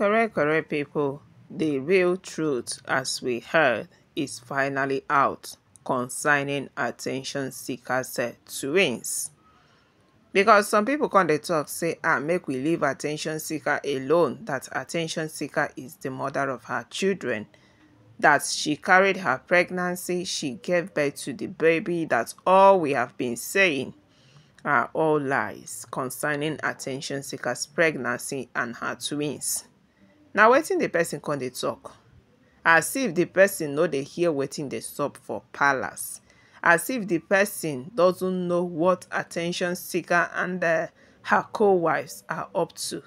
Correct, correct people. The real truth, as we heard, is finally out concerning attention seekers twins. Because some people come they talk, say, ah, make we leave attention seeker alone. That attention seeker is the mother of her children. That she carried her pregnancy, she gave birth to the baby. That's all we have been saying are all lies concerning attention seeker's pregnancy and her twins. na wetin the person come dey talk as if the person no dey hear wetin dey sup for palace as if the person doesn't know what attention seeker and uh, her co-wives are up to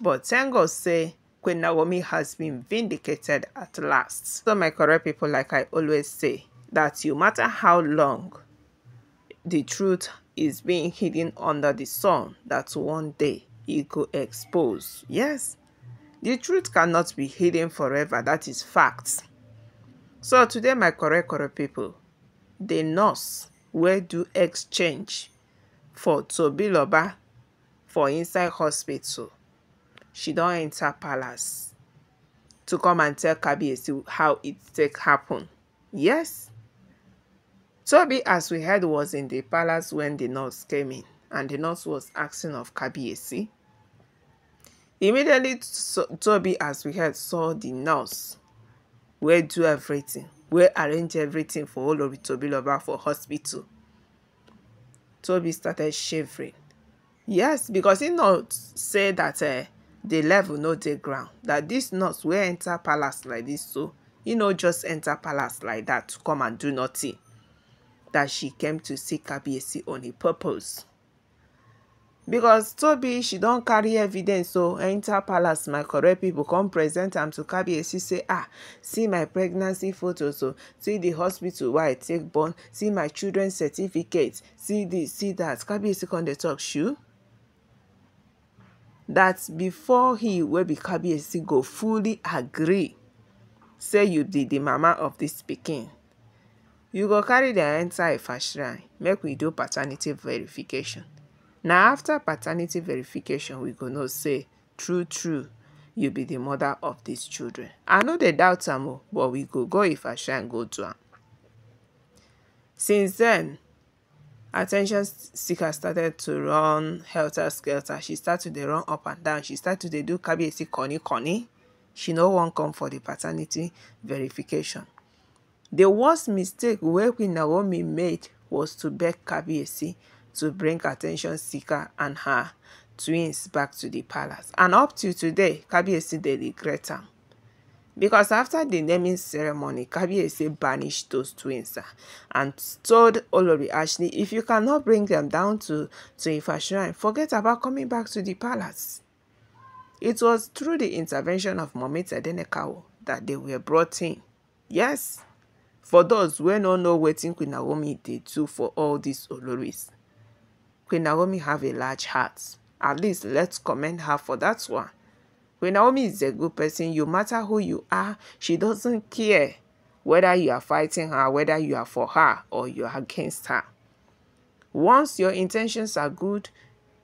but thank god say queen naomi has been vindicated at last so my correct people like i always say that you no matter how long the truth is being hidden under the sun that one day it could expose yes The truth cannot be hidden forever. That is facts. So today, my correct correct people, the nurse will do exchange for Tobiloba for inside hospital. She don enter palace to come and tell Kabiyesi how it take happen. Yes. Tobi, as we heard, was in the palace when the nurse came in, and the nurse was asking of see. Immediately Toby, as we heard, saw the nurse where do everything, where arrange everything for Olori Tobiloba for hospital. Toby started shivering. Yes, because he not say that uh, the level no dey ground, that this nurse wey enter palace like this so, he no just enter palace like that to come and do nothing. That she came to see Kabiyesi on a purpose because tobi she don carry evidence o enter palace my correct people come present am to kabiyesi say ah see my pregnancy photos So see the hospital wey i take born see my children certificate see the see that kabiyesi come dey talk shu that before he wey be kabiyesi go fully agree say you be the mama of this pikin you go carry dem enter ifa shrine make we do paternity verification na after paternity verification we go know say true true you be the mother of these children i know dey doubt am but we go go if I ifeanyi go do am since then, attention seeker started to run helter skelter she started to run up and down she started to do kabiyesi koni koni she no wan come for the paternity verification the worst mistake wey queen naomi made was to beg kabiyesi to bring attention seeker and her twins back to the palace. And up to today, Kabiesi they regret them. Because after the naming ceremony, Kabiesi banished those twins and told Olori Ashley, if you cannot bring them down to, to Ifa Shrine, forget about coming back to the palace. It was through the intervention of Momita Denekawo that they were brought in. Yes, for those wey no know wetin Queen Naomi did do for all these Oloris Queen Naomi have a large heart. At least let's commend her for that one. Queen Naomi is a good person. You matter who you are, she doesn't care whether you are fighting her, whether you are for her or you are against her. Once your intentions are good,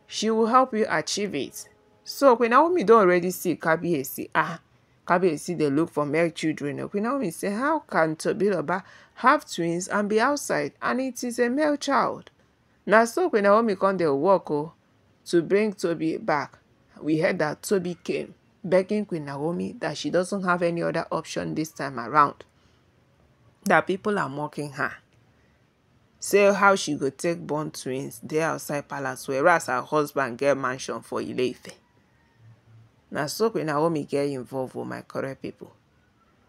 she will help you achieve it. So Queen Naomi don't already see Kabiesi. Ah, Kabiesi they look for male children. Queen Naomi say, how can Tobiloba have twins and be outside and it is a male child? na so Queen Naomi come dey work o oh, to bring Toby back. We heard that Toby came, begging Queen Naomi that she doesn't have any other option this time around. That people are mocking her. Say how she go take born twins dey outside palace whereas her husband get mansion for Ile-Ife. Na so Queen Naomi get involved with oh, my correct people.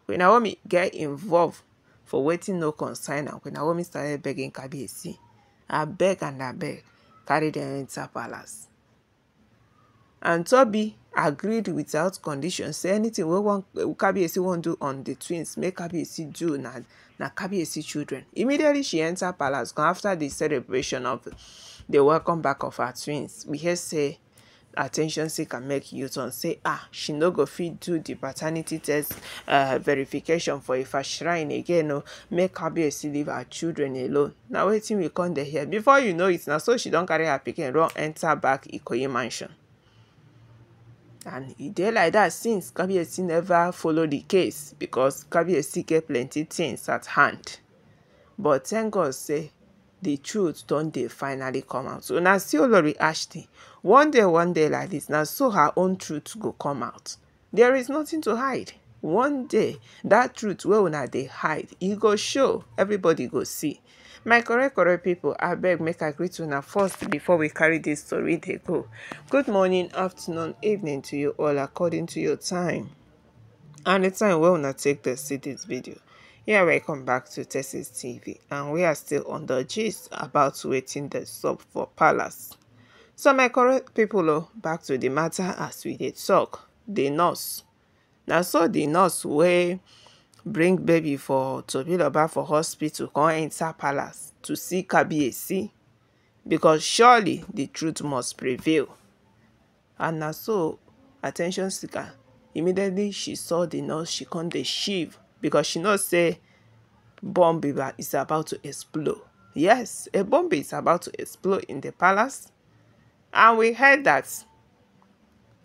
Queen Naomi get involved for wetin no concern am. Queen Naomi started begging Kabiyesi abeg and abeg carry dem enter palace and Toby agreed without condition say anything wey one kabiyesi wan do on the twins make kabiyesi do na na kabiyesi children immediately she enter palace come after the celebration of the welcome back of her twins we hear say attention seeker make u-turn say ah she no go fit do di paternity test uh, verification for ifa shrine again o oh, make kabiyesi leave her children alone na wetin we come dey hear before you know it na so she don carry her pikin run enta back ikoyi mansion and e dey like that since kabiyesi never follow the case because kabiyesi get plenty things at hand but thank god say the truth don dey finally come out so na still lori ashton one day one day like this, na so her own truth go come out there is nothing to hide one day that truth wey una dey hide e go show everybody go see my correct correct pipo abeg make i greet una first before we carry this story dey go good morning afternoon evening to you all according to your time and the time wey una take dey see dis video Here, welcome back to Texas TV, and we are still on the gist about waiting the sub for Palace. So, my correct people, oh, back to the matter as we did talk. The nurse. Now, so the nurse wey bring baby for to Tobiloba for hospital come enter Palace to see Kabiyesi because surely the truth must prevail. And now, so, attention seeker, immediately she saw the nurse, she come the shiver because she knows say bomb is about to explode. Yes, a bomb is about to explode in the palace. And we heard that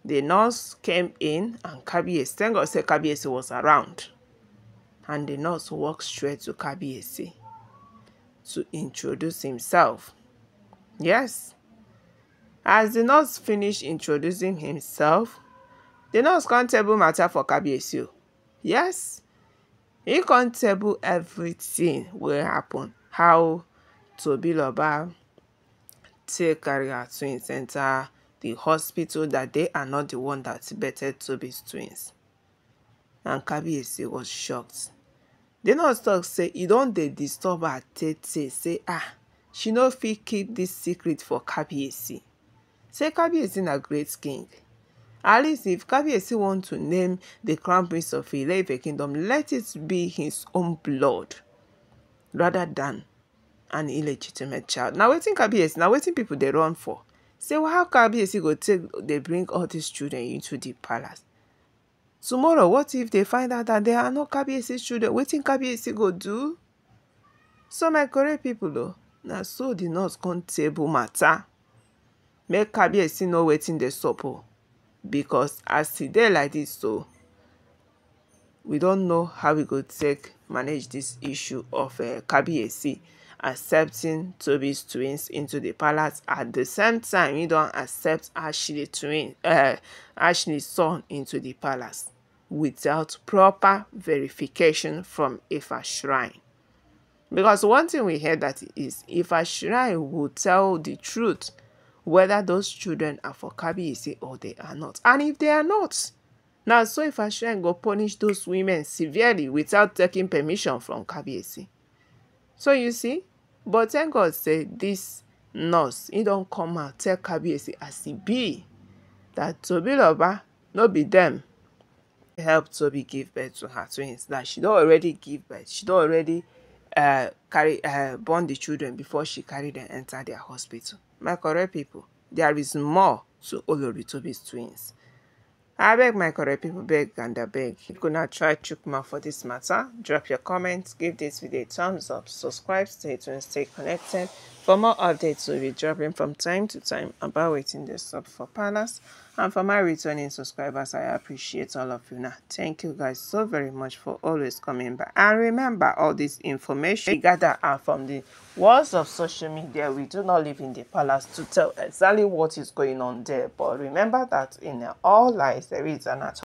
the nurse came in and Kabiesi, thank God say Kabiesi was around. And the nurse walked straight to Kabiesi to introduce himself. Yes. As the nurse finished introducing himself, the nurse can't table matter for Kabiesi. Yes. e con table everything wey happen how tobiloba take carry her twins enter the hospital that day and not the one that birthed toby's twins and kabiyesi was shocked the nurse talk say e don dey disturb her tete say ah she no fit keep this secret for kabiyesi say kabiyesi na great king At least, if Kábíyèsí wants to name the crown prince of Ile-Ife kingdom, let it be his own blood rather than an illegitimate child. Now wetin Kábíyèsí, now wetin people they run for? Say well, how Kábíyèsí go take They bring all these children into the palace? Tomorrow, what if they find out that there are no Kábíyèsí children? Wetin Kábíyèsí go do? So my correct people though. Now, so the north come table matter make Kábíyèsí know waiting dey sup oh. because as e did like this, so we don't know how we could take manage this issue of uh, kabiyesi accepting toby's twins into the palace at the same time he don't accept ashley twin uh, ashley's son into the palace without proper verification from ifa shrine because one thing we heard that is a shrine will tell the truth whether those children are for Kabiyesi or they are not. And if they are not, now so if Ifashiren go punish those women severely without taking permission from Kabiyesi. So you see, but thank God say this nurse, he don't come out tell Kabiyesi as he be that Tobiloba no be them help Tobi give birth to her twins, that she don't already give birth, she don't already uh, carry uh, born the children before she carried them enter their hospital. My correct people, there is more to Oloritobi's twins. I beg my correct people, beg and I beg. If you not try Chukma for this matter, drop your comments, give this video a thumbs up, subscribe, stay tuned, stay connected. For more updates, we'll be dropping from time to time about waiting the sub for Palace. And for my returning subscribers, I appreciate all of you now. Thank you guys so very much for always coming back. And remember, all this information gathered gather are from the walls of social media. We do not live in the palace to tell exactly what is going on there. But remember that in all lies, there is an